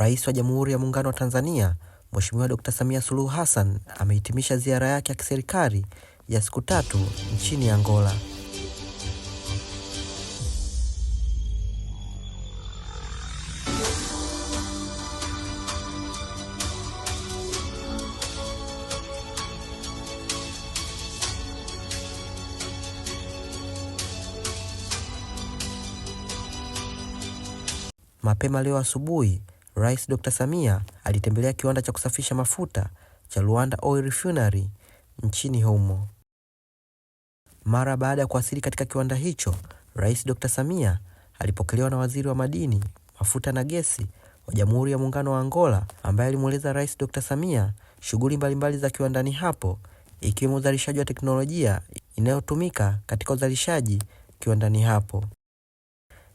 Rais wa Jamhuri ya Muungano wa Tanzania Mheshimiwa Dkt. Samia Suluhu Hassan amehitimisha ziara yake ya kiserikali ya siku tatu nchini Angola. Mapema leo asubuhi Rais Dr. Samia alitembelea kiwanda cha kusafisha mafuta cha Luanda Oil Refinery nchini humo. Mara baada ya kuwasili katika kiwanda hicho, Rais Dr. Samia alipokelewa na Waziri wa Madini, Mafuta na Gesi wa Jamhuri ya Muungano wa Angola ambaye alimweleza Rais Dr. Samia shughuli mbalimbali za kiwandani hapo ikiwemo uzalishaji wa teknolojia inayotumika katika uzalishaji kiwandani hapo.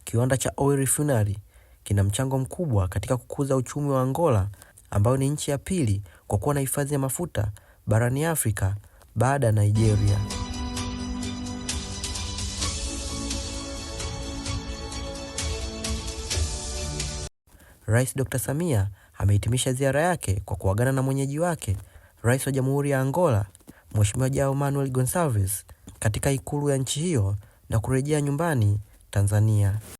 Kiwanda cha Oil Refinery kina mchango mkubwa katika kukuza uchumi wa Angola ambayo ni nchi ya pili kwa kuwa na hifadhi ya mafuta barani Afrika baada ya Nigeria. Rais Dr. Samia amehitimisha ziara yake kwa kuagana na mwenyeji wake, Rais wa Jamhuri ya Angola, Mheshimiwa Joao Manuel Goncalves katika ikulu ya nchi hiyo na kurejea nyumbani Tanzania.